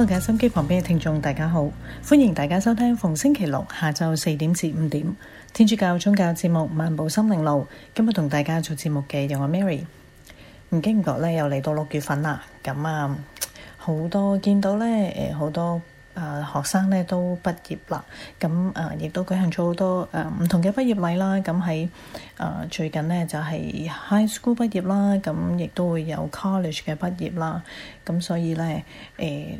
Hello，各位收音機旁邊嘅聽眾，大家好，歡迎大家收聽逢星期六下晝四點至五點天主教宗教節目《漫步心靈路》。今日同大家做節目嘅，有我係 Mary。唔經唔覺咧，又嚟到六月份啦。咁啊，好多見到咧，誒，好多誒學生咧都畢業啦。咁誒，亦都舉行咗好多誒唔同嘅畢業禮啦。咁喺誒最近咧就係 High School 畢業啦。咁亦都會有 College 嘅畢業啦。咁所以咧，誒。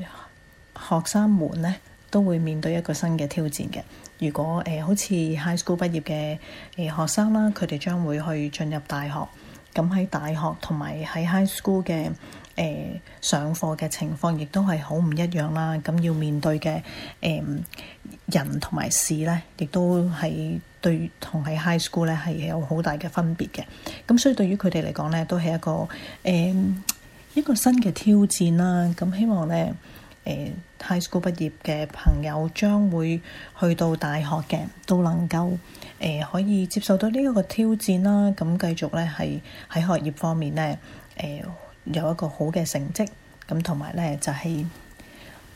學生們呢都會面對一個新嘅挑戰嘅。如果誒、呃、好似 high school 畢業嘅誒、呃、學生啦，佢哋將會去進入大學。咁喺大學同埋喺 high school 嘅誒上課嘅情況，亦都係好唔一樣啦。咁要面對嘅誒、呃、人同埋事呢，亦都係對同喺 high school 咧係有好大嘅分別嘅。咁所以對於佢哋嚟講呢，都係一個誒、呃、一個新嘅挑戰啦。咁希望呢，誒，high school 畢業嘅朋友將會去到大學嘅，都能夠誒、呃，可以接受到呢一個挑戰啦。咁繼續咧係喺學業方面咧，誒、呃，有一個好嘅成績咁，同埋咧就係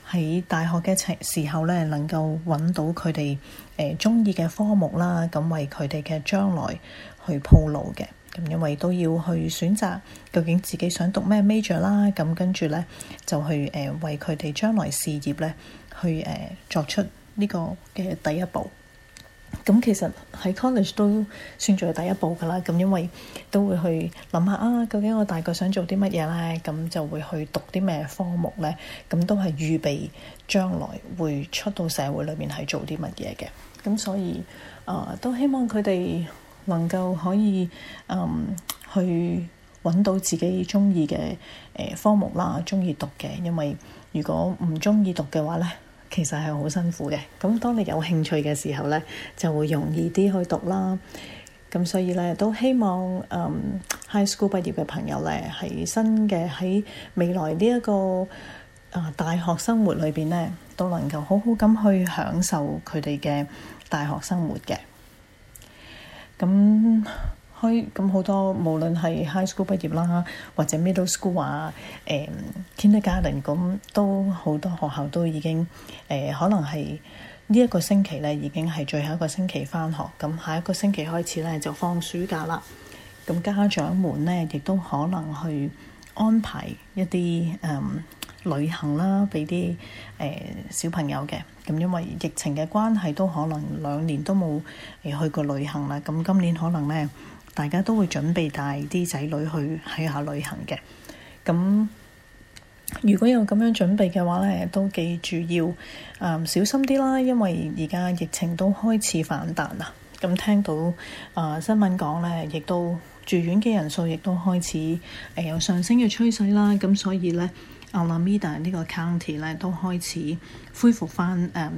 喺大學嘅情時候咧，能夠揾到佢哋誒中意嘅科目啦，咁為佢哋嘅將來去鋪路嘅。咁因為都要去選擇究竟自己想讀咩 major 啦，咁跟住咧就去誒為佢哋將來事業咧去誒作出呢個嘅第一步。咁其實喺 college 都算做第一步㗎啦，咁因為都會去諗下啊，究竟我大概想做啲乜嘢咧，咁就會去讀啲咩科目咧，咁都係預備將來會出到社會裏面係做啲乜嘢嘅。咁所以啊、呃，都希望佢哋，能夠可以嗯去揾到自己中意嘅誒科目啦，中意讀嘅，因為如果唔中意讀嘅話咧，其實係好辛苦嘅。咁當你有興趣嘅時候咧，就會容易啲去讀啦。咁所以咧都希望嗯 high school 畢業嘅朋友咧，喺新嘅喺未來呢一個啊大學生活裏邊咧，都能夠好好咁去享受佢哋嘅大學生活嘅。咁開咁好多，無論係 high school 畢業啦，或者 middle school 啊，誒、欸、kindergarten 咁，都好多學校都已經誒、欸，可能係呢一個星期咧，已經係最後一個星期返學，咁下一個星期開始咧就放暑假啦。咁家長們咧亦都可能去安排一啲誒。嗯旅行啦，俾啲誒小朋友嘅咁，因為疫情嘅關係，都可能兩年都冇去過旅行啦。咁今年可能咧，大家都會準備帶啲仔女去去下旅行嘅。咁如果有咁樣準備嘅話咧，都記住要啊、呃、小心啲啦，因為而家疫情都開始反彈啦。咁聽到啊、呃、新聞講咧，亦都住院嘅人數亦都開始誒、呃、有上升嘅趨勢啦。咁所以咧。阿拉米達呢個 county 咧都開始恢復返誒，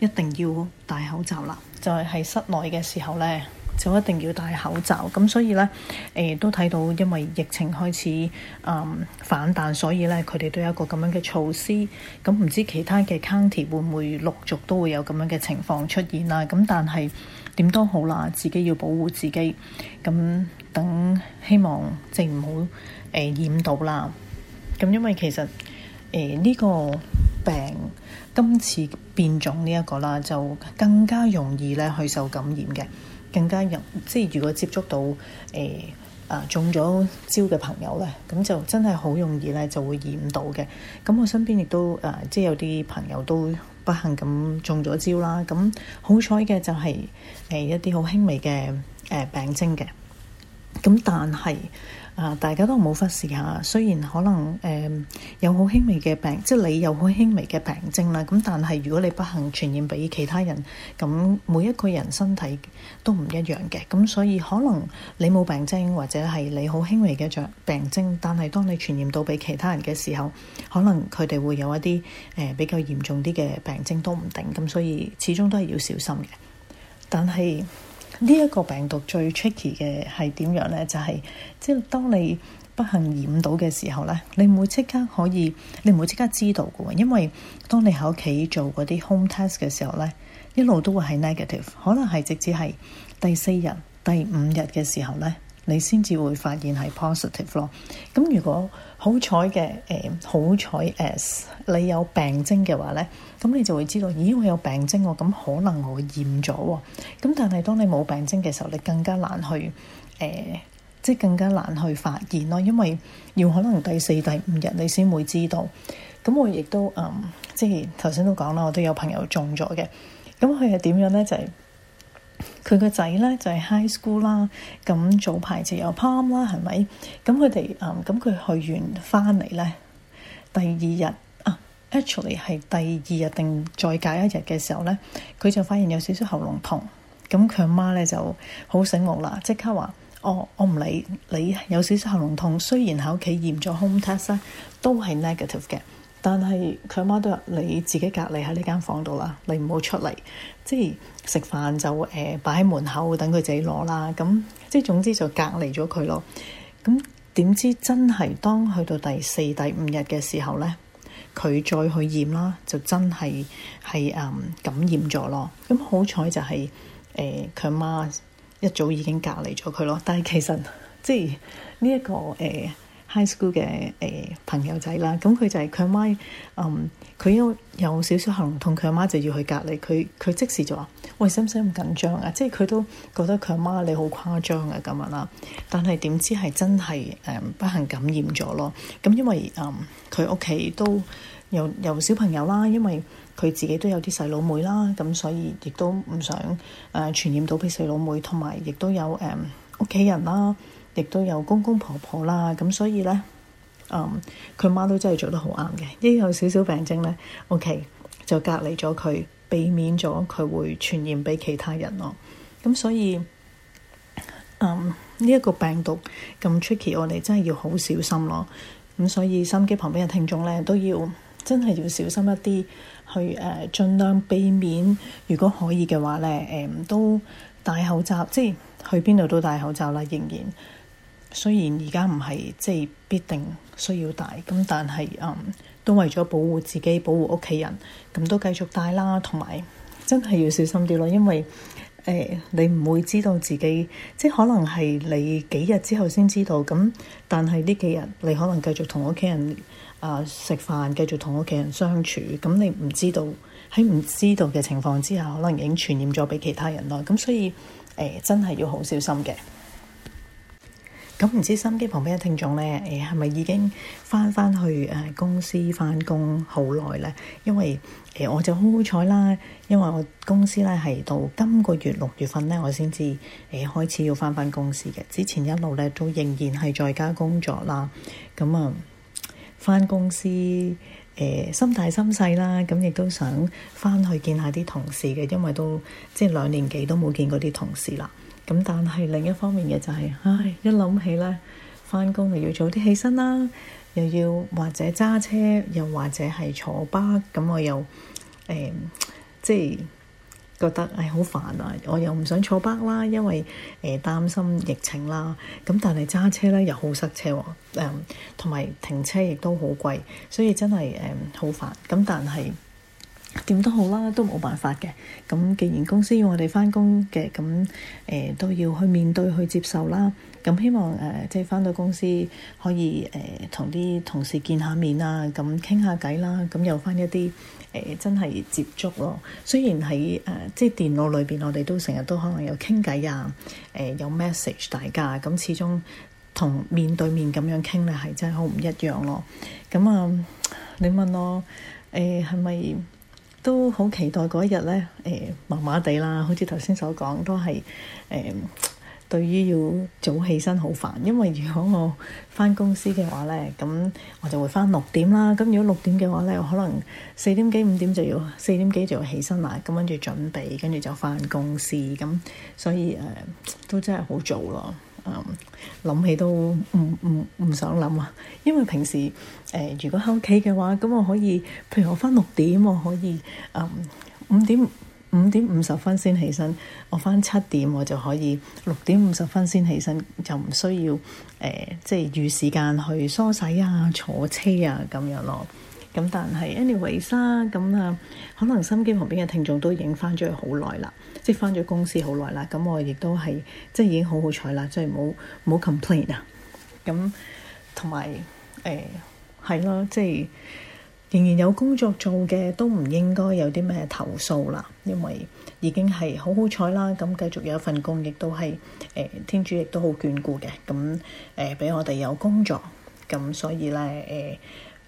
一定要戴口罩啦。就係喺室內嘅時候咧，就一定要戴口罩。咁所以咧，誒都睇到因為疫情開始誒、嗯、反彈，所以咧佢哋都有一個咁樣嘅措施。咁唔知其他嘅 county 會唔會陸續都會有咁樣嘅情況出現啦？咁但係點都好啦，自己要保護自己。咁等希望即係唔好誒染到啦。咁因為其實。誒呢、欸這個病今次變種呢、這、一個啦，就更加容易咧去受感染嘅，更加容易即係如果接觸到誒啊、欸呃、中咗招嘅朋友咧，咁就真係好容易咧就會染到嘅。咁我身邊亦都誒、呃、即係有啲朋友都不幸咁中咗招啦。咁好彩嘅就係、是、誒、呃、一啲好輕微嘅誒、呃、病徵嘅。咁但係。大家都冇忽視下，雖然可能誒、呃、有好輕微嘅病，即係你有好輕微嘅病徵啦。咁但係如果你不幸傳染俾其他人，咁每一個人身體都唔一樣嘅。咁所以可能你冇病徵或者係你好輕微嘅病症，但係當你傳染到俾其他人嘅時候，可能佢哋會有一啲誒、呃、比較嚴重啲嘅病徵都唔定。咁所以始終都係要小心嘅。但係。呢一個病毒最 tricky 嘅係點樣呢？就係，即係當你不幸染到嘅時候咧，你唔會即刻可以，你唔會即刻知道嘅喎。因為當你喺屋企做嗰啲 home test 嘅時候呢，一路都會係 negative，可能係直至係第四日、第五日嘅時候咧，你先至會發現係 positive 咯。咁如果好彩嘅誒，好彩誒，欸、S，你有病徵嘅話咧，咁你就會知道，咦，我有病徵喎，咁可能我會驗咗喎。咁但係當你冇病徵嘅時候，你更加難去誒、欸，即係更加難去發現咯，因為要可能第四、第五日你先會知道。咁我亦都誒、嗯，即係頭先都講啦，我都有朋友中咗嘅，咁佢係點樣咧？就係、是。佢個仔咧就係、是、high school 啦，咁早排就又 party 啦，係咪？咁佢哋，嗯，咁佢去完翻嚟咧，第二日啊，actually 係第二日定再隔一日嘅時候咧，佢就發現有少少喉嚨痛，咁佢阿媽咧就好醒目啦，即刻話：哦，我唔理你有少少喉嚨痛，雖然喺屋企驗咗 home test 都係 negative 嘅，但係佢阿媽都話你自己隔離喺呢間房度啦，你唔好出嚟，即係。食飯就誒擺喺門口等佢自己攞啦，咁即係總之就隔離咗佢咯。咁點知真係當去到第四、第五日嘅時候咧，佢再去驗啦，就真係係嗯感染咗咯。咁好彩就係誒佢媽一早已經隔離咗佢咯。但係其實即係呢一個誒、呃、high school 嘅誒、呃、朋友仔啦，咁佢就係、係、佢媽嗯。佢因為有少少喉嚨痛，佢阿媽就要去隔離。佢佢即時就話：喂，使唔使咁緊張啊？即係佢都覺得佢阿媽你好誇張嘅咁啊！但係點知係真係誒不幸感染咗咯。咁、嗯、因為誒佢屋企都有有小朋友啦，因為佢自己都有啲細佬妹啦，咁、嗯、所以亦都唔想誒、呃、傳染到俾細佬妹，同埋亦都有誒屋企人啦，亦都有公公婆婆啦，咁、嗯、所以咧。佢媽、um, 都真係做得好啱嘅，一有少少病徵咧，OK 就隔離咗佢，避免咗佢會傳染俾其他人咯。咁所以，呢、um, 一個病毒咁 tricky，我哋真係要好小心咯。咁所以心機旁邊嘅聽眾咧，都要真係要小心一啲，去、呃、盡量避免。如果可以嘅話咧、呃，都戴口罩，即係去邊度都戴口罩啦，仍然。雖然而家唔係即係必定需要戴，咁但係嗯都為咗保護自己、保護屋企人，咁都繼續戴啦。同埋真係要小心啲咯，因為誒、呃、你唔會知道自己，即係可能係你幾日之後先知道。咁但係呢幾日你可能繼續同屋企人啊、呃、食飯，繼續同屋企人相處。咁你唔知道喺唔知道嘅情況之下，可能已經傳染咗俾其他人咯。咁所以誒、呃、真係要好小心嘅。咁唔知心機旁邊嘅聽眾咧，誒係咪已經返返去誒公司返工好耐咧？因為誒我就好好彩啦，因為我公司咧係到今個月六月份咧，我先至誒開始要返返公司嘅。之前一路咧都仍然係在家工作啦。咁啊，返公司誒心大心細啦。咁亦都想返去見下啲同事嘅，因為都即係兩年幾都冇見過啲同事啦。咁但係另一方面嘅就係、是，唉，一諗起咧，翻工又要早啲起身啦，又要或者揸車，又或者係坐巴，咁我又誒，即、欸、係、就是、覺得唉好、欸、煩啊！我又唔想坐巴啦，因為誒、欸、擔心疫情啦。咁但係揸車咧又好塞車，誒同埋停車亦都好貴，所以真係誒好煩。咁但係。點都好啦，都冇辦法嘅。咁既然公司要我哋翻工嘅，咁誒、呃、都要去面對去接受啦。咁希望誒，即係翻到公司可以誒同啲同事見下面啊，咁傾下偈啦，咁有翻一啲誒、呃、真係接觸咯。雖然喺誒即係電腦裏邊，我哋都成日都可能有傾偈啊，誒、呃、有 message 大家，咁、啊、始終同面對面咁樣傾咧，係真係好唔一樣咯。咁啊、呃，你問我誒係咪？呃，係咪都好期待嗰日咧，誒麻麻地啦，好似頭先所講，都係誒、欸、對於要早起身好煩，因為如果我返公司嘅話咧，咁我就會返六點啦。咁如果六點嘅話咧，我可能四點幾、五點就要，四點幾就要起身啦，咁跟住準備，跟住就返公司，咁所以誒、呃、都真係好早咯。嗯，諗起都唔唔唔想諗啊！因為平時誒、呃，如果喺屋企嘅話，咁我可以，譬如我返六點，我可以，嗯，五點五點五十分先起身，我返七點我就可以六點五十分先起身，就唔需要誒、呃，即係預時間去梳洗啊、坐車啊咁樣咯。咁但係 anyway 啦，咁、anyway，啊，可能心機旁邊嘅聽眾都已經翻咗去好耐啦，即係翻咗公司好耐啦。咁我亦都係即係已經好好彩啦，即係唔好 complain 啦。咁同埋誒係咯，即係、欸就是、仍然有工作做嘅都唔應該有啲咩投訴啦，因為已經係好好彩啦。咁繼續有一份工，亦都係誒天主亦都好眷顧嘅。咁誒俾我哋有工作，咁所以咧誒。欸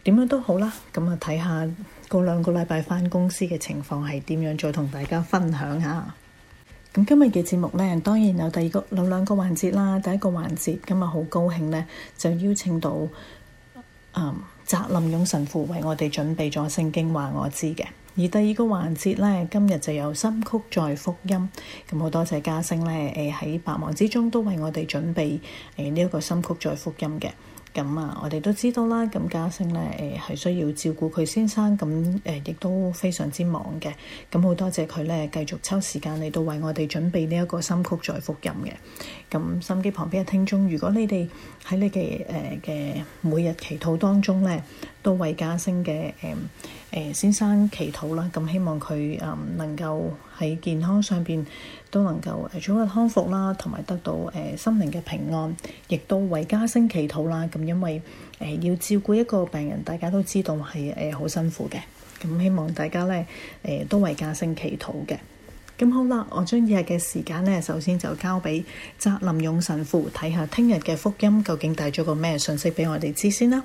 點樣都好啦，咁啊睇下過兩個禮拜返公司嘅情況係點樣，再同大家分享一下。咁今日嘅節目咧，當然有第二個有兩個環節啦。第一個環節今日好高興咧，就邀請到誒澤、嗯、林勇神父為我哋準備咗聖經話我知嘅。而第二個環節咧，今日就有深曲在福音。咁好多謝嘉星咧，誒喺百忙之中都為我哋準備誒呢一個深曲在福音嘅。咁啊，我哋都知道啦。咁家星咧，誒係需要照顧佢先生，咁誒亦都非常之忙嘅。咁好多謝佢咧，繼續抽時間嚟到為我哋準備呢一個心曲再福音嘅。咁心機旁邊嘅聽眾，如果你哋喺你嘅誒嘅每日祈禱當中咧，都為家星嘅誒。呃誒先生祈禱啦，咁希望佢能夠喺健康上邊都能夠早日康復啦，同埋得到誒心靈嘅平安，亦都為家聲祈禱啦。咁因為誒要照顧一個病人，大家都知道係誒好辛苦嘅。咁希望大家咧誒都為家聲祈禱嘅。咁好啦，我將以下嘅時間咧，首先就交俾澤林勇神父睇下，聽日嘅福音究竟帶咗個咩信息畀我哋知先啦。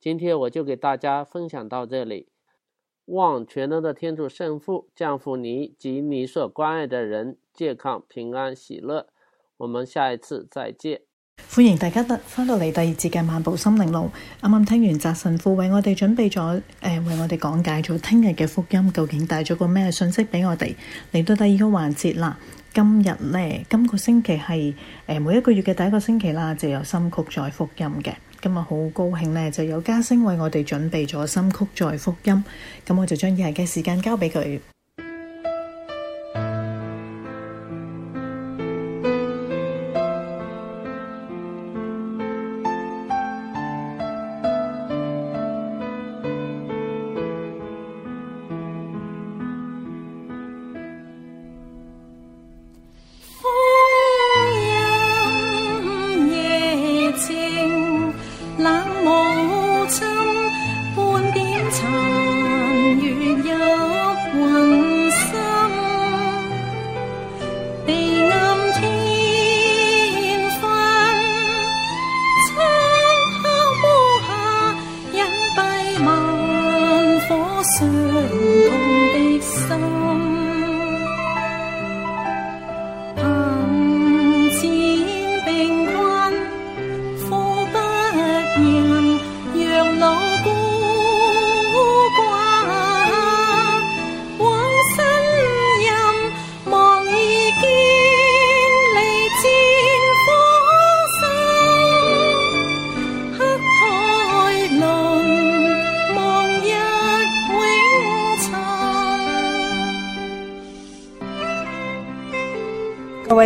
今天我就給大家分享到這裏。望全能的天主聖父、降福你及你所關愛的人，健康、平安、喜樂。我們下一次再見。歡迎大家得翻到嚟第二節嘅漫步心靈路。啱啱聽完澤神父為我哋準備咗，誒、呃，為我哋講解咗聽日嘅福音，究竟帶咗個咩信息俾我哋？嚟到第二個環節啦。今日咧，今、這個星期係誒、呃、每一個月嘅第一個星期啦，就有新曲再福音嘅。今日好高興呢，就有家聲為我哋準備咗新曲《再福音》，咁我就將以下嘅時間交畀佢。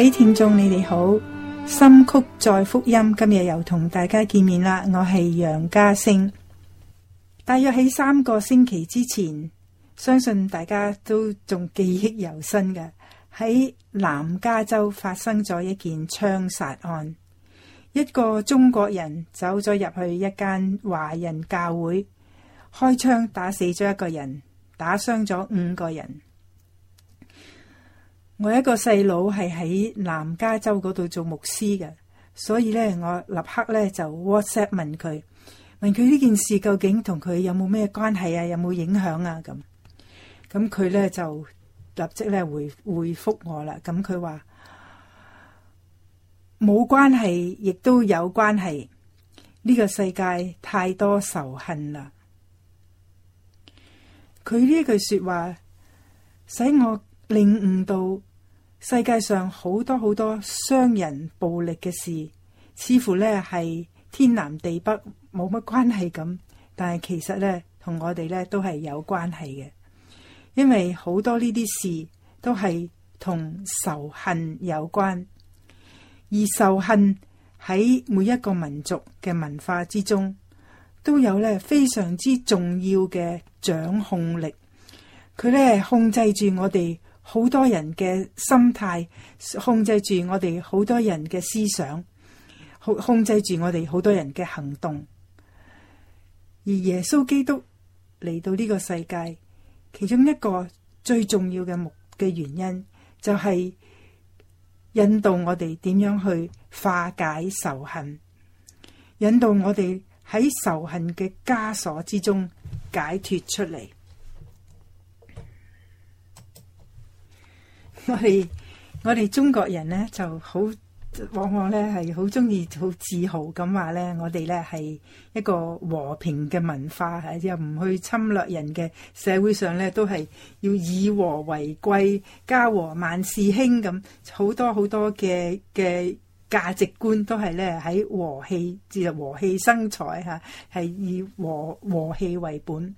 各位聽眾，你哋好！心曲《再福音》，今日又同大家見面啦。我係楊家聲。大約喺三個星期之前，相信大家都仲記憶猶新嘅，喺南加州發生咗一件槍殺案，一個中國人走咗入去一間華人教會，開槍打死咗一個人，打傷咗五個人。我一個細佬係喺南加州嗰度做牧師嘅，所以咧我立刻咧就 WhatsApp 問佢，問佢呢件事究竟同佢有冇咩關係啊，有冇影響啊咁？咁佢咧就立即咧回回覆我啦。咁佢話冇關係，亦都有關係。呢個世界太多仇恨啦。佢呢句說話，使我領悟到。世界上好多好多傷人暴力嘅事，似乎咧係天南地北冇乜關係咁，但係其實咧同我哋咧都係有關係嘅，因為好多呢啲事都係同仇恨有關，而仇恨喺每一個民族嘅文化之中都有咧非常之重要嘅掌控力，佢咧控制住我哋，好多人嘅心態控制住我哋，好多人嘅思想，控控制住我哋，好多人嘅行動。而耶穌基督嚟到呢個世界，其中一個最重要嘅目嘅原因，就係引導我哋點樣去化解仇恨，引導我哋喺仇恨嘅枷鎖之中解脫出嚟。我哋我哋中國人呢，就好，往往呢係好中意好自豪咁話呢，我哋呢係一個和平嘅文化嚇，又唔去侵略人嘅，社會上呢都係要以和為貴，家和萬事興咁。好多好多嘅嘅價值觀都係呢喺和氣，就和氣生財嚇，係以和和氣為本。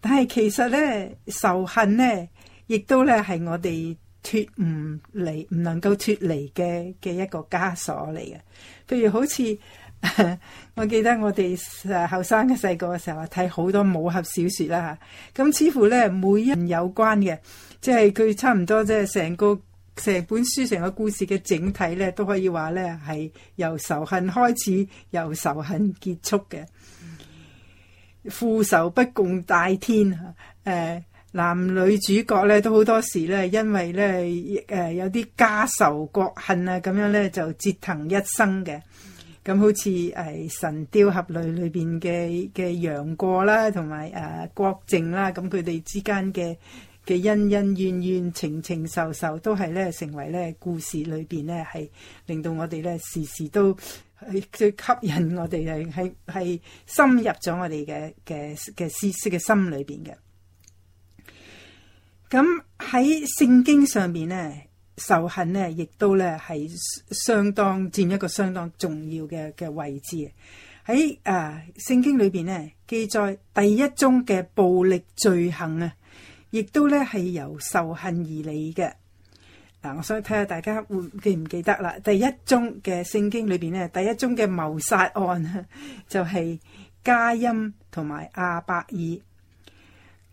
但係其實呢，仇恨呢亦都呢係我哋。脫唔離，唔能夠脫離嘅嘅一個枷鎖嚟嘅。譬如好似、啊、我記得我哋後生嘅細個嘅時候，睇好多武俠小說啦吓，咁、啊、似乎咧每一樣有關嘅，即係佢差唔多即係成個成本書成個故事嘅整體咧，都可以話咧係由仇恨開始，由仇恨結束嘅，父仇不共戴天，誒、啊。啊男女主角咧都好多時咧，因為咧誒有啲家仇國恨啊，咁樣咧就折騰一生嘅。咁好似誒《神雕俠侶》裏邊嘅嘅楊過啦，同埋誒郭靖啦，咁佢哋之間嘅嘅恩恩怨怨、情情仇仇，都係咧成為咧故事裏邊呢，咧係令到我哋咧時時都去吸引我哋係係深入咗我哋嘅嘅嘅思思嘅心裏邊嘅。咁喺聖經上邊咧，仇恨咧亦都咧係相當佔一個相當重要嘅嘅位置。喺啊聖經裏邊咧記載第一宗嘅暴力罪行啊，亦都咧係由仇恨而嚟嘅。嗱，我想睇下大家會記唔記得啦？第一宗嘅聖經裏邊咧，第一宗嘅謀殺案就係嘉音同埋阿伯爾。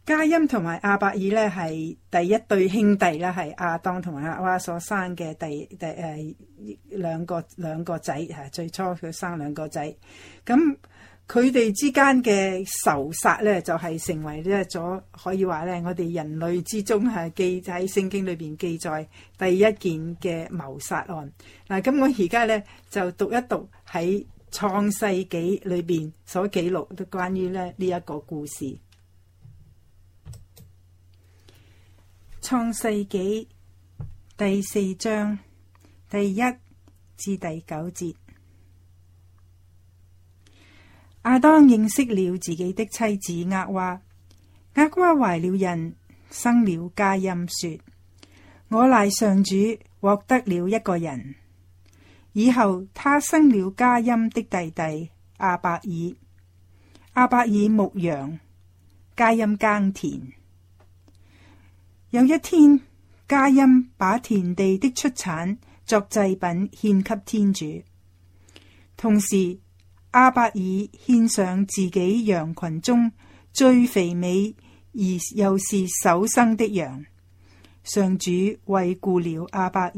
嘉音同埋阿伯爾咧係第一對兄弟啦，係亞當同埋阿娃所生嘅、第第誒兩個兩個仔吓，最初佢生兩個仔，咁佢哋之間嘅仇殺咧就係成為咧咗可以話咧我哋人類之中吓記喺聖經裏邊記載第一件嘅謀殺案嗱，咁我而家咧就讀一讀喺創世紀裏邊所記錄嘅關於咧呢一個故事。創世紀第四章第一至第九節，阿當認識了自己的妻子厄娃，厄娃懷了孕，生了嘉音，說：我賴上主獲得了一個人，以後他生了嘉音的弟弟阿伯爾，阿伯爾，阿伯爾牧羊，嘉音耕田。有一天，加音把田地的出產作祭品獻給天主，同時阿伯爾獻上自己羊群中最肥美而又是首生的羊。上主惠顧了阿伯爾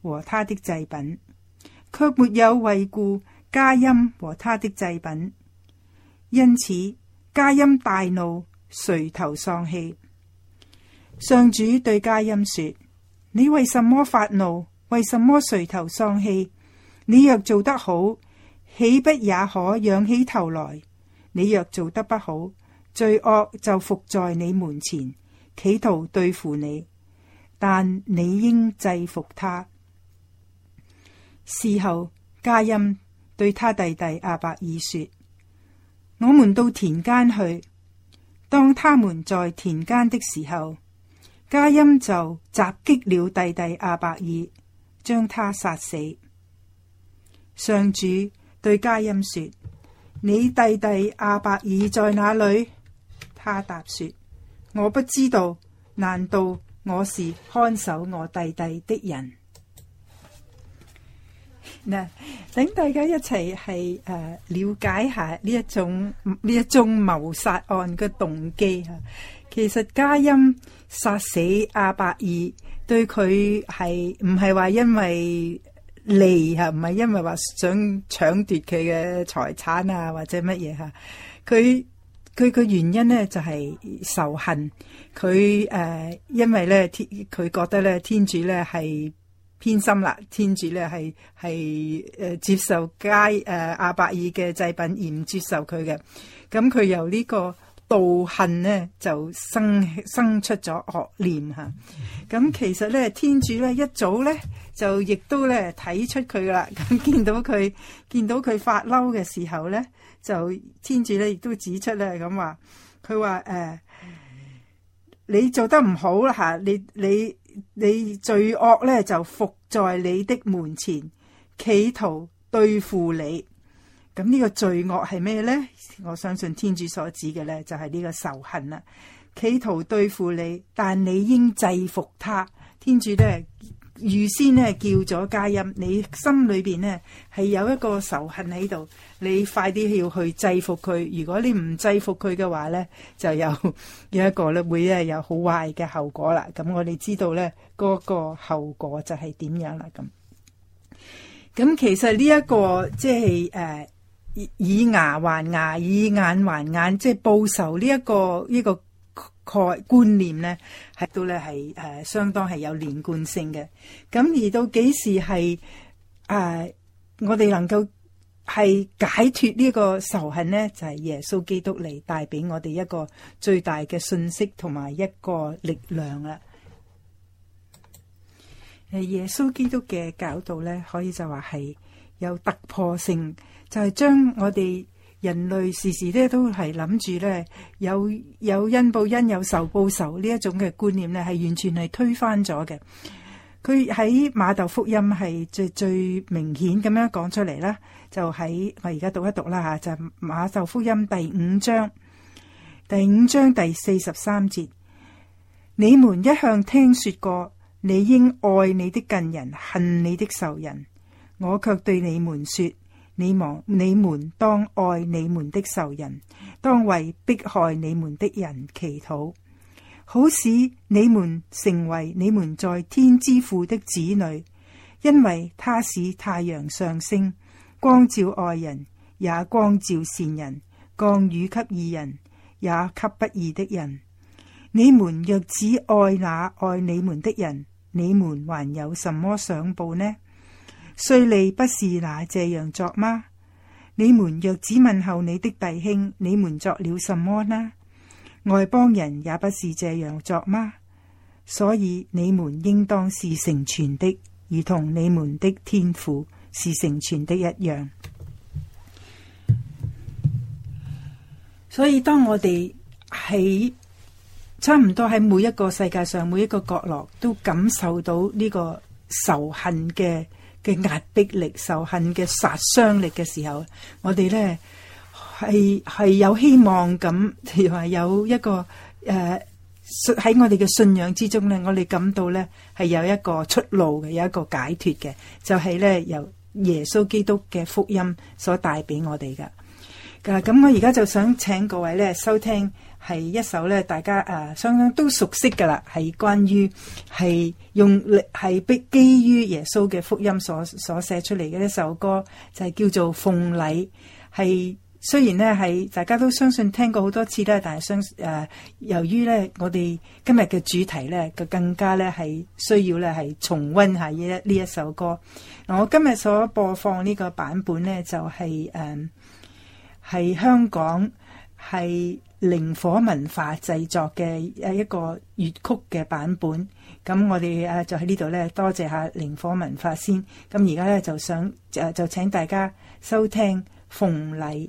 和他的祭品，卻沒有惠顧加音和他的祭品，因此加音大怒喪氣，垂頭喪氣。上主對嘉音說：你為什麼發怒？為什麼垂頭喪氣？你若做得好，豈不也可仰起頭來？你若做得不好，罪惡就伏在你門前，企圖對付你。但你應制服他。事後，嘉音對他弟弟阿伯爾說：我們到田間去。當他們在田間的時候，加音就襲擊了弟弟阿伯爾，將他殺死。上主對加音說：你弟弟阿伯爾在哪裏？他答說：我不知道。難道我是看守我弟弟的人？嗱，請大家一齊係誒了解下呢一種呢一宗謀殺案嘅動機。其實加音殺死阿伯爾，對佢係唔係話因為利吓？唔係因為話想搶奪佢嘅財產啊或者乜嘢吓？佢佢嘅原因咧就係、是、仇恨。佢誒、呃，因為咧天佢覺得咧天主咧係偏心啦，天主咧係係誒接受佳誒阿伯爾嘅祭品而唔接受佢嘅。咁佢由呢、這個。妒恨咧就生生出咗惡念吓，咁、啊、其實咧天主咧一早咧就亦都咧睇出佢啦，咁、啊、見到佢見到佢發嬲嘅時候咧，就天主咧亦都指出咧咁話，佢話誒，你做得唔好啦吓、啊，你你你罪惡咧就伏在你的門前，企圖對付你。咁呢個罪惡係咩呢？我相信天主所指嘅呢，就係呢個仇恨啦。企圖對付你，但你應制服他。天主呢，預先呢叫咗加音，你心裏邊呢係有一個仇恨喺度，你快啲要去制服佢。如果你唔制服佢嘅話呢，就有有一個咧會有好壞嘅後果啦。咁我哋知道呢嗰、嗰個後果就係點樣啦。咁咁其實呢、呢、一個即係誒。呃以牙還牙，以眼還眼，即係報仇呢、這、一個呢、這個概觀念咧，係都咧係誒相當係有連貫性嘅。咁而到幾時係誒、啊、我哋能夠係解脫呢個仇恨呢？就係、是、耶穌基督嚟帶俾我哋一個最大嘅信息同埋一個力量啦。誒，耶穌基督嘅教導咧，可以就話係有突破性。就係將我哋人類時時咧都係諗住咧有有恩報恩，有仇報仇，呢一種嘅觀念咧，係完全係推翻咗嘅。佢喺馬竇福音係最最明顯咁樣講出嚟啦。就喺我而家讀一讀啦吓，就係馬竇福音第五章，第五章第四十三節。你們一向聽說過，你應愛你的近人，恨你的仇人。我卻對你們說。你望你們當愛你們的仇人，當為迫害你們的人祈禱，好使你們成為你們在天之父的子女。因為他使太陽上升，光照愛人，也光照善人，降雨給義人，也給不義的人。你們若只愛那愛你們的人，你們還有什麼想報呢？雖你不是那這樣作嗎？你們若只問候你的弟兄，你們作了什麼呢？外邦人也不是這樣作嗎？所以你們應當是成全的，而同你們的天父是成全的一樣。所以當我哋喺差唔多喺每一個世界上每一個角落都感受到呢個仇恨嘅嘅壓迫力、仇恨嘅殺傷力嘅時候，我哋咧係係有希望咁，如係有一個誒喺、呃、我哋嘅信仰之中咧，我哋感到咧係有一個出路嘅，有一個解脫嘅，就係、是、咧由耶穌基督嘅福音所帶俾我哋噶。噶咁，我而家就想請各位咧收聽。係一首咧，大家誒、啊、相相都熟悉嘅啦，係關於係用力係基基於耶穌嘅福音所所寫出嚟嘅一首歌，就係叫做《奉禮》。係雖然呢，係大家都相信聽過好多次啦，但係相誒由於呢，我哋今日嘅主題呢，就更加呢係需要呢係重溫下呢一呢一首歌。我今日所播放呢個版本呢，就係誒係香港，係靈火文化製作嘅誒一個粵曲嘅版本，咁我哋誒就喺呢度咧，多謝下靈火文化先。咁而家咧就想誒就請大家收聽《鳳禮》。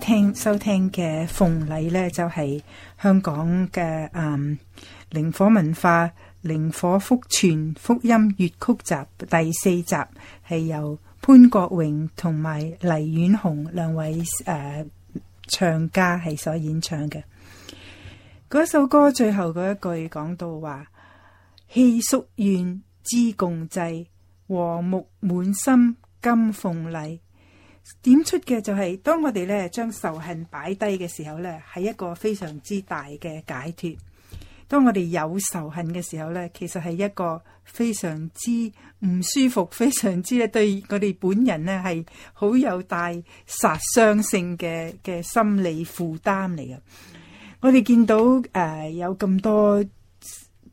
聽收聽嘅鳳禮呢，就係、是、香港嘅，嗯靈火文化靈火福傳福音粵曲集第四集，係由潘國榮同埋黎婉紅兩位誒、呃、唱家係所演唱嘅。嗰首歌最後嗰一句講到話：，祈宿願，知共濟，和睦滿心金鳳禮。點出嘅就係、是，當我哋咧將仇恨擺低嘅時候咧，係一個非常之大嘅解脫。當我哋有仇恨嘅時候咧，其實係一個非常之唔舒服、非常之咧對我哋本人咧係好有大殺傷性嘅嘅心理負擔嚟嘅。我哋見到誒、呃、有咁多。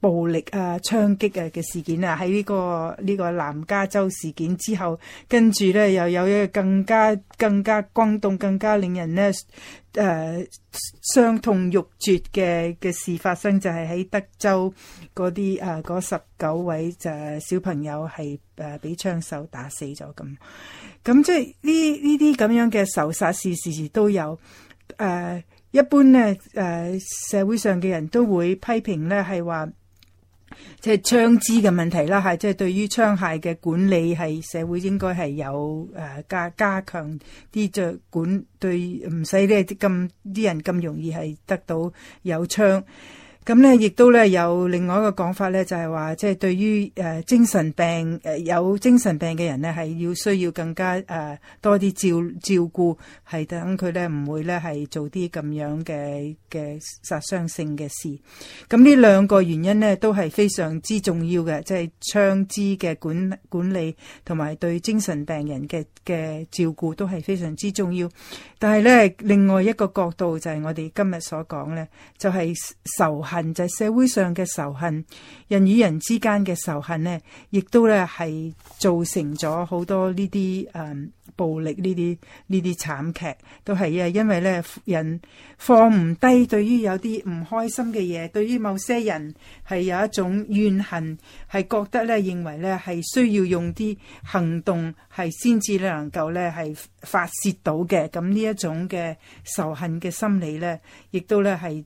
暴力啊、槍擊啊嘅事件啊，喺呢、這個呢、這個南加州事件之後，跟住咧又有一個更加更加轟動、更加令人呢誒、啊、傷痛欲絕嘅嘅事發生，就係、是、喺德州嗰啲誒嗰十九位就小朋友係誒俾槍手打死咗咁。咁即係呢呢啲咁樣嘅仇殺事，時時都有。誒、啊、一般咧誒、啊、社會上嘅人都會批評咧，係話。即係槍支嘅問題啦，係即係對於槍械嘅管理係社會應該係有誒加加強啲着管，對唔使咧啲咁啲人咁容易係得到有槍。咁咧，亦都咧有另外一個講法咧，就係話，即係對於誒精神病誒有精神病嘅人咧，係要需要更加誒多啲照照顧，係等佢咧唔會咧係做啲咁樣嘅嘅殺傷性嘅事。咁呢兩個原因咧，都係非常之重要嘅，即係槍支嘅管管理同埋對精神病人嘅嘅照顧都係非常之重要。但係咧，另外一個角度就係我哋今日所講咧，就係仇恨。人際社會上嘅仇恨，人與人之間嘅仇恨呢，亦都咧係造成咗好多呢啲誒暴力呢啲呢啲慘劇，都係啊，因為咧人放唔低對於有啲唔開心嘅嘢，對於某些人係有一種怨恨，係覺得咧認為咧係需要用啲行動係先至咧能夠咧係發洩到嘅，咁呢一種嘅仇恨嘅心理咧，亦都咧係。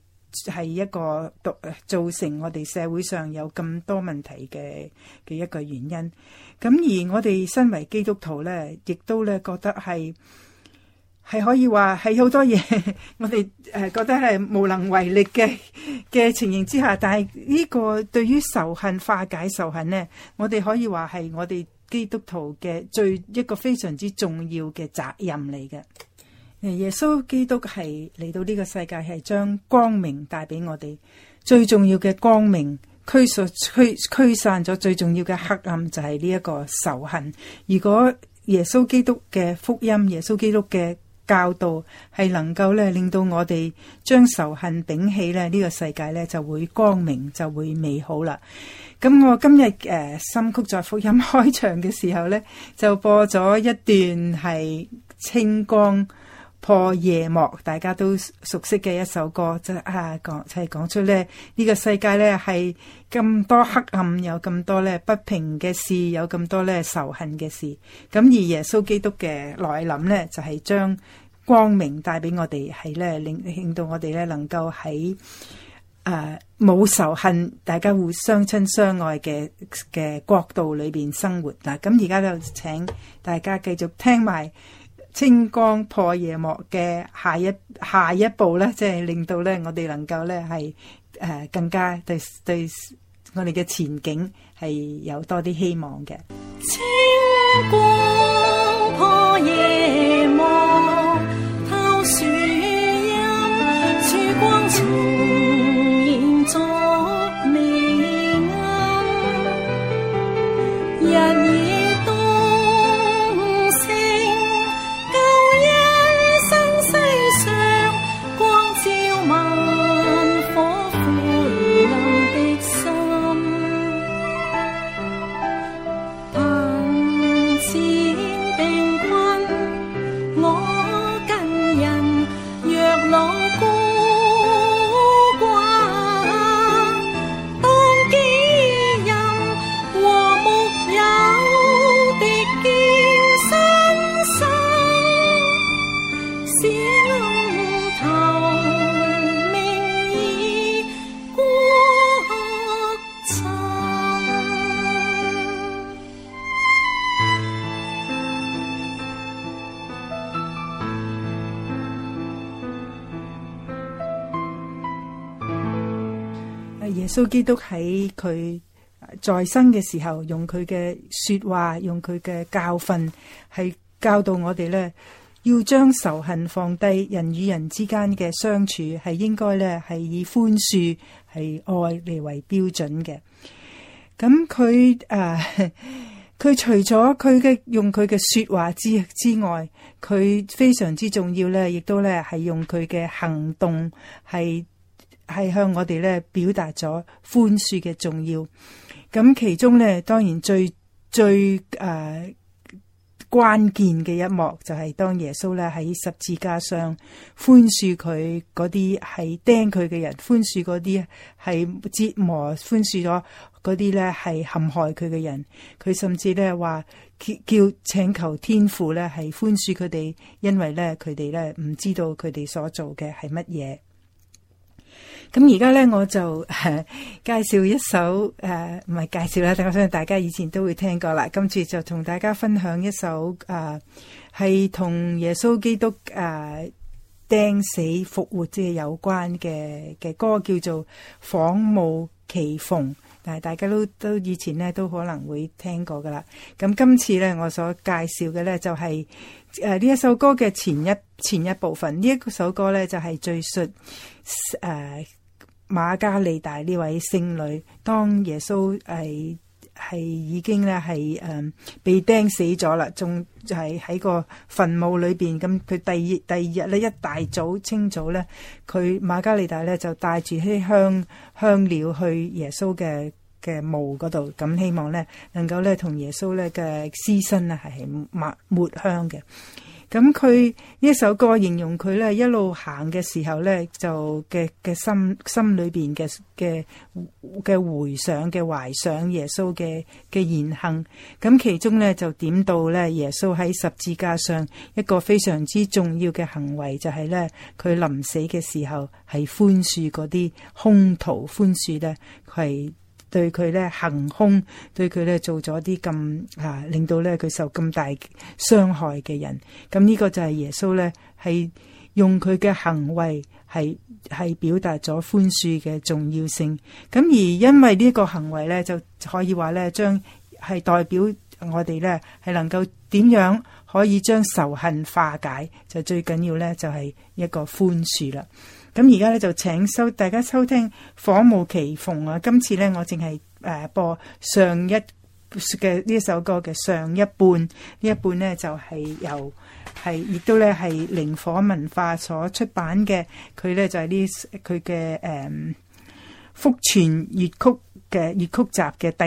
係一個造造成我哋社會上有咁多問題嘅嘅一個原因，咁而我哋身為基督徒呢，亦都呢覺得係係可以話係好多嘢，我哋誒覺得係無能為力嘅嘅情形之下，但係呢個對於仇恨，化解仇恨呢，我哋可以話係我哋基督徒嘅最一個非常之重要嘅責任嚟嘅。耶穌基督係嚟到呢個世界，係將光明帶俾我哋。最重要嘅光明驅驅驅散咗最重要嘅黑暗，就係呢一個仇恨。如果耶穌基督嘅福音、耶穌基督嘅教導係能夠咧，令到我哋將仇恨摒棄咧，呢個世界咧就會光明，就會美好啦。咁我今日誒，心、呃、曲在福音開場嘅時候咧，就播咗一段係清光，破夜幕，大家都熟悉嘅一首歌，就是，啊講就係講出咧呢，呢個世界咧係咁多黑暗，有咁多咧不平嘅事，有咁多咧仇恨嘅事。咁而耶穌基督嘅來臨，就是、呢，就係將光明帶俾我哋，係咧令令到我哋咧能夠喺誒冇仇恨，大家互相親相愛嘅嘅國度裏邊生活嗱。咁而家就請大家繼續聽埋。清光破夜幕嘅下一下一步咧，即係令到咧我哋能夠咧係誒更加對對我哋嘅前景係有多啲希望嘅。清光破夜幕，透樹蔭，曙光重現在。蘇基督喺佢在生嘅時候，用佢嘅說話，用佢嘅教訓，係教導我哋咧，要將仇恨放低，人與人之間嘅相處係應該咧係以寬恕係愛嚟為標準嘅。咁佢誒，佢、啊、除咗佢嘅用佢嘅說話之之外，佢非常之重要咧，亦都咧係用佢嘅行動係。是係向我哋咧表達咗寬恕嘅重要，咁其中咧當然最最誒、呃、關鍵嘅一幕就係當耶穌咧喺十字架上寬恕佢嗰啲係釘佢嘅人，寬恕嗰啲係折磨，寬恕咗嗰啲咧係陷害佢嘅人，佢甚至咧話叫請求天父咧係寬恕佢哋，因為咧佢哋咧唔知道佢哋所做嘅係乜嘢。咁而家咧，我就、啊、介紹一首誒，唔、啊、係介紹啦，但我相信大家以前都會聽過啦。今次就同大家分享一首誒，係、啊、同耶穌基督誒釘、啊、死復活即係有關嘅嘅歌，叫做《仿冒其逢》。但係大家都都以前咧都可能會聽過噶啦。咁今次咧，我所介紹嘅咧就係誒呢一首歌嘅前一前一部分，呢一首歌咧就係、是、敘述誒。啊馬加利大呢位聖女，當耶穌係係已經咧係誒被釘死咗啦，仲係喺個墳墓裏邊。咁佢第二第二日呢，一大早清早咧，佢馬加利大咧就帶住啲香香料去耶穌嘅嘅墓嗰度，咁希望咧能夠咧同耶穌咧嘅屍身呢係抹抹香嘅。咁佢呢首歌形容佢呢一路行嘅時候呢，就嘅嘅心心裏邊嘅嘅嘅回想嘅懷想耶穌嘅嘅言行，咁其中呢就點到呢，耶穌喺十字架上一個非常之重要嘅行為，就係呢，佢臨死嘅時候係寬恕嗰啲兇徒，寬恕呢，佢係。對佢咧行凶，對佢咧做咗啲咁吓，令到咧佢受咁大傷害嘅人，咁呢個就係耶穌咧係用佢嘅行為係係表達咗寬恕嘅重要性。咁而因為呢個行為咧，就可以話咧將係代表我哋咧係能夠點樣可以將仇恨化解，就最緊要咧就係一個寬恕啦。咁而家咧就請收大家收聽《火舞奇逢》啊！今次咧我淨係誒播上一嘅呢一首歌嘅上一半，這一呢一半咧就係、係、由係亦都咧係靈火文化所出版嘅，佢咧就係呢佢嘅誒福傳粵曲嘅粵曲集嘅第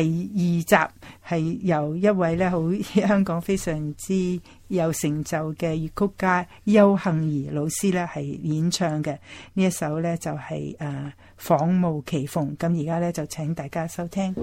二集，係由一位咧好香港非常之有成就嘅粵曲家邱杏兒老師咧，係演唱嘅呢一首呢就係、是、誒《芳墓奇逢》。咁而家呢，就請大家收聽。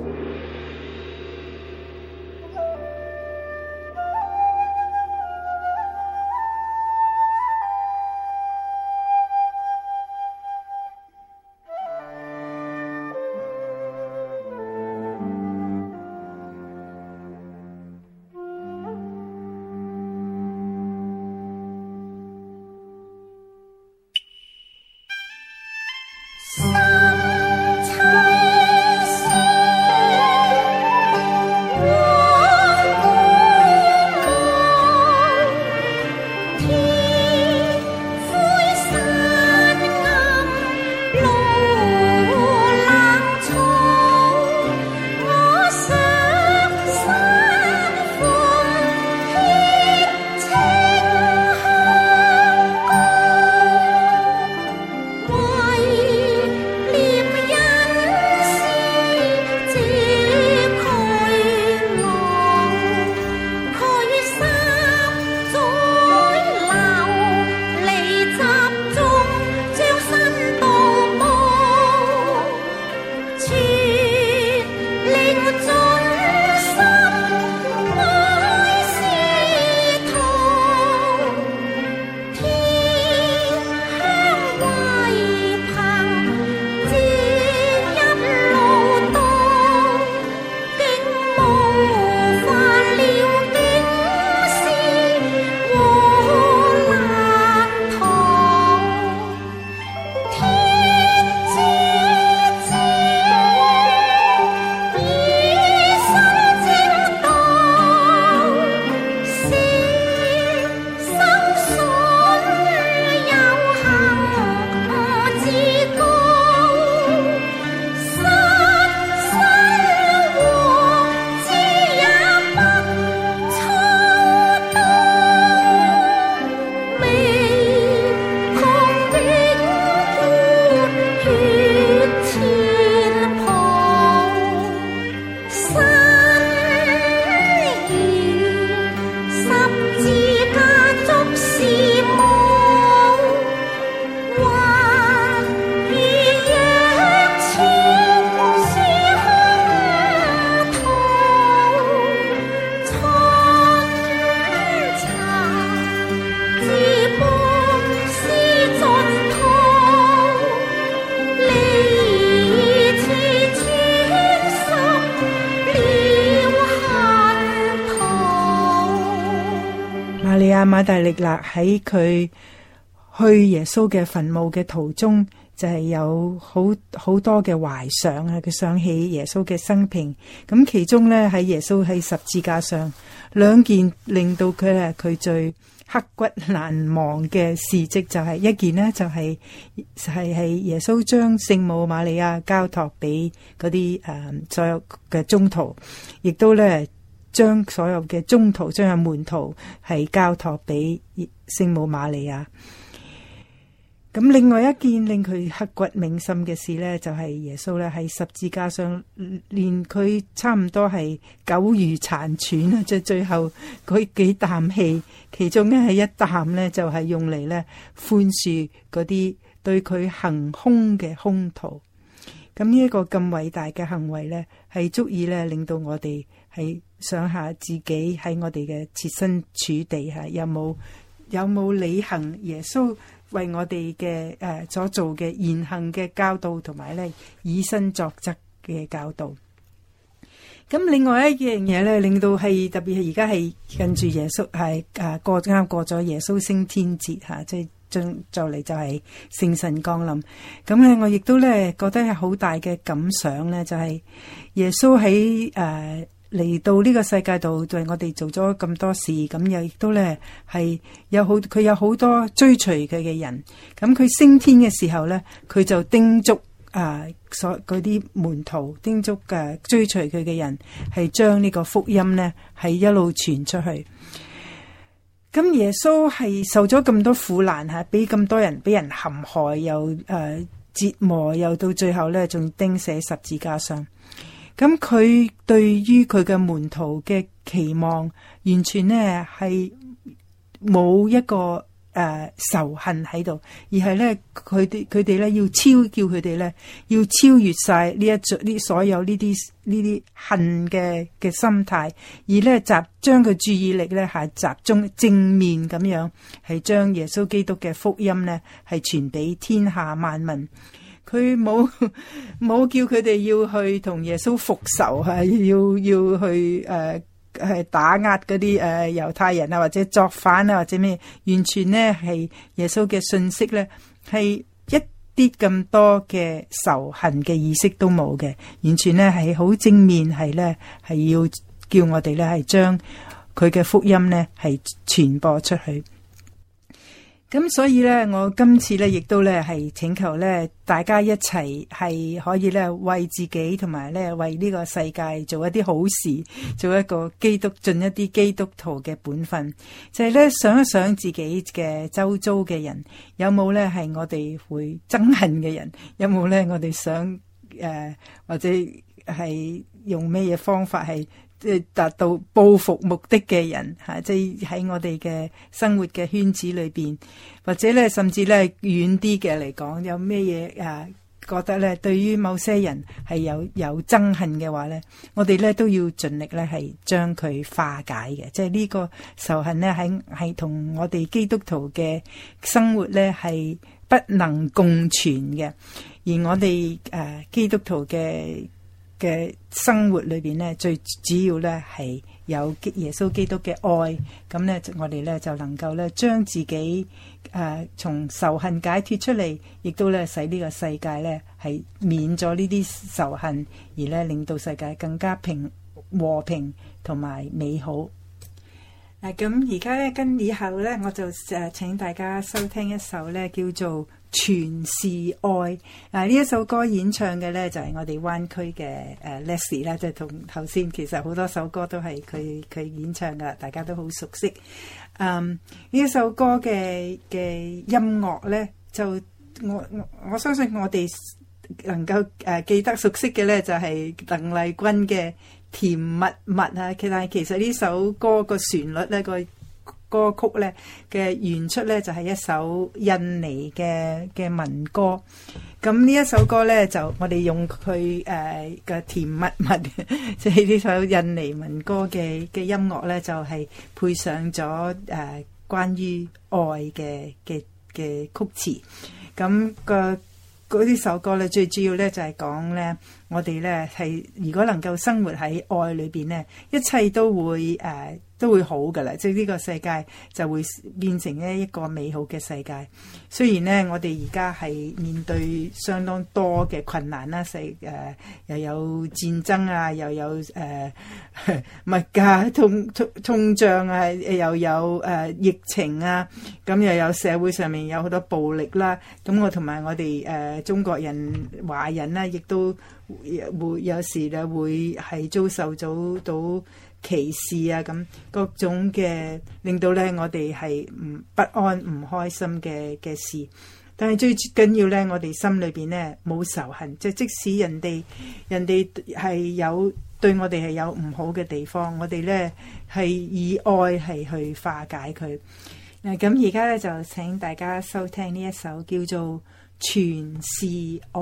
大力喇喺佢去耶穌嘅墳墓嘅途中，就係、是、有好好多嘅懷想啊！佢想起耶穌嘅生平。咁其中咧，喺耶穌喺十字架上，兩件令到佢係佢最刻骨難忘嘅事蹟、就是，就係一件咧，就係係係耶穌將聖母瑪利亞交託俾嗰啲誒所有嘅宗徒，亦、嗯、都咧。將所有嘅宗徒，將有門徒係交託俾聖母瑪利亞。咁另外一件令佢刻骨銘心嘅事呢，就係耶穌咧喺十字架上，連佢差唔多係苟延殘喘啦，即係最後佢幾啖氣，其中呢係一啖呢，就係用嚟呢寬恕嗰啲對佢行凶嘅凶徒。咁呢一個咁偉大嘅行為呢，係足以呢令到我哋喺。想下自己喺我哋嘅設身處地吓、啊，有冇有冇履行耶穌為我哋嘅誒所做嘅言行嘅教導，同埋咧以身作則嘅教導。咁另外一樣嘢咧，令到係特別係而家係跟住耶穌係誒過啱過咗耶穌升天節吓，即係將就嚟、是、就係聖神降臨。咁咧我亦都咧覺得係好大嘅感想咧，就係、是、耶穌喺誒。啊嚟到呢個世界度，對我哋做咗咁多事，咁又亦都咧係有好，佢有好多追隨佢嘅人。咁佢升天嘅時候咧，佢就叮囑啊所嗰啲門徒，叮囑嘅追隨佢嘅人，係將呢個福音呢係一路傳出去。咁耶穌係受咗咁多苦難吓，俾、啊、咁多人俾人陷害，又誒、啊、折磨，又到最後咧仲釘死十字架上。咁佢對於佢嘅門徒嘅期望，完全呢係冇一個誒、呃、仇恨喺度，而係咧佢佢哋咧要超叫佢哋咧要超越晒呢一呢所有呢啲呢啲恨嘅嘅心態，而咧集將佢注意力咧係集中正面咁樣，係將耶穌基督嘅福音呢係傳俾天下萬民。佢冇冇叫佢哋要去同耶穌復仇，係要要去誒係、呃、打壓嗰啲誒猶太人啊，或者作反啊，或者咩？完全咧係耶穌嘅信息咧，係一啲咁多嘅仇恨嘅意識都冇嘅，完全咧係好正面係咧係要叫我哋咧係將佢嘅福音咧係傳播出去。咁、嗯、所以咧，我今次咧，亦都咧係請求咧，大家一齊係可以咧，為自己同埋咧，為呢個世界做一啲好事，做一個基督盡一啲基督徒嘅本分，就係、是、咧想一想自己嘅周遭嘅人，有冇咧係我哋會憎恨嘅人，有冇咧我哋想誒、呃、或者係用咩嘢方法係？即係達到報復目的嘅人吓，即係喺我哋嘅生活嘅圈子裏邊，或者咧甚至咧遠啲嘅嚟講，有咩嘢啊？覺得咧，對於某些人係有有憎恨嘅話咧，我哋咧都要盡力咧係將佢化解嘅。即係呢個仇恨咧，喺係同我哋基督徒嘅生活咧係不能共存嘅。而我哋誒基督徒嘅。嘅生活裏邊呢，最主要呢係有耶穌基督嘅愛，咁呢，我哋呢，就能夠呢將自己誒從仇恨解脫出嚟，亦都呢使呢個世界呢係免咗呢啲仇恨，而呢令到世界更加平和平同埋美好。嗱，咁而家呢，跟以後呢，我就誒請大家收聽一首呢叫做全是愛啊！呢一首歌演唱嘅呢，就係、是、我哋灣區嘅誒 Leslie 啦，即係同頭先其實好多首歌都係佢佢演唱噶，大家都好熟悉。嗯，呢首歌嘅嘅音樂呢，就我我相信我哋能夠誒、啊、記得熟悉嘅呢，就係、是、鄧麗君嘅甜蜜蜜啊！但係其實呢首歌個旋律呢。個。歌曲呢嘅原出呢就係一首印尼嘅嘅民歌，咁呢一首歌呢就我哋用佢誒嘅甜蜜蜜，即係呢首印尼民歌嘅嘅音樂呢就係配上咗誒關於愛嘅嘅嘅曲詞，咁個嗰呢首歌呢最主要呢就係講呢我哋呢係如果能夠生活喺愛裏邊呢，一切都會誒。都會好噶啦，即係呢個世界就會變成咗一個美好嘅世界。雖然呢，我哋而家係面對相當多嘅困難啦，世誒又有戰爭啊，又有誒物價通通通脹啊，又有誒疫情啊，咁又有社會上面有好多暴力啦。咁我同埋我哋誒中國人、華人啦，亦都會有時咧會係遭受到到。歧視啊，咁各種嘅令到咧，我哋係唔不安、唔開心嘅嘅事。但係最緊要咧，我哋心裏邊咧冇仇恨，即係即使人哋人哋係有對我哋係有唔好嘅地方，我哋咧係以愛係去化解佢。咁而家咧就請大家收聽呢一首叫做《全是愛》。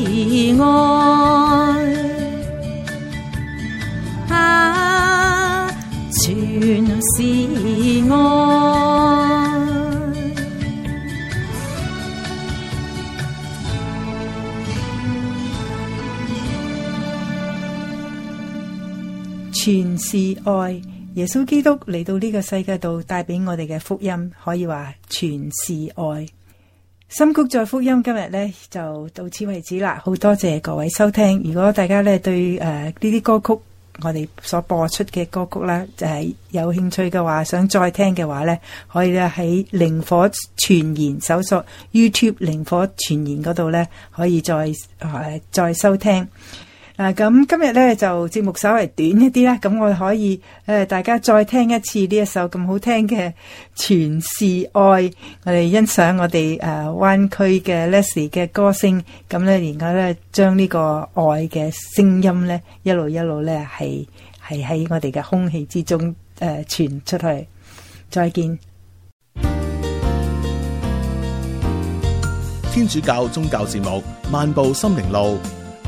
是愛，耶穌基督嚟到呢個世界度帶俾我哋嘅福音，可以話全是愛。深谷在福音，今日呢就到此為止啦。好多謝各位收聽。如果大家呢對誒呢啲歌曲，我哋所播出嘅歌曲啦，就係、是、有興趣嘅話，想再聽嘅話呢，可以咧喺靈火傳言搜索 YouTube 靈火傳言嗰度呢，可以再誒、呃、再收聽。嗱咁、啊、今日咧，就節目稍微短一啲啦，咁我哋可以誒、呃、大家再聽一次呢一首咁好聽嘅《全是愛》，我哋欣賞我哋誒、呃、灣區嘅 Leslie 嘅歌聲，咁咧然後咧將呢個愛嘅聲音咧一路一路咧係係喺我哋嘅空氣之中誒、呃、傳出去。再見。天主教宗教節目《漫步心靈路》。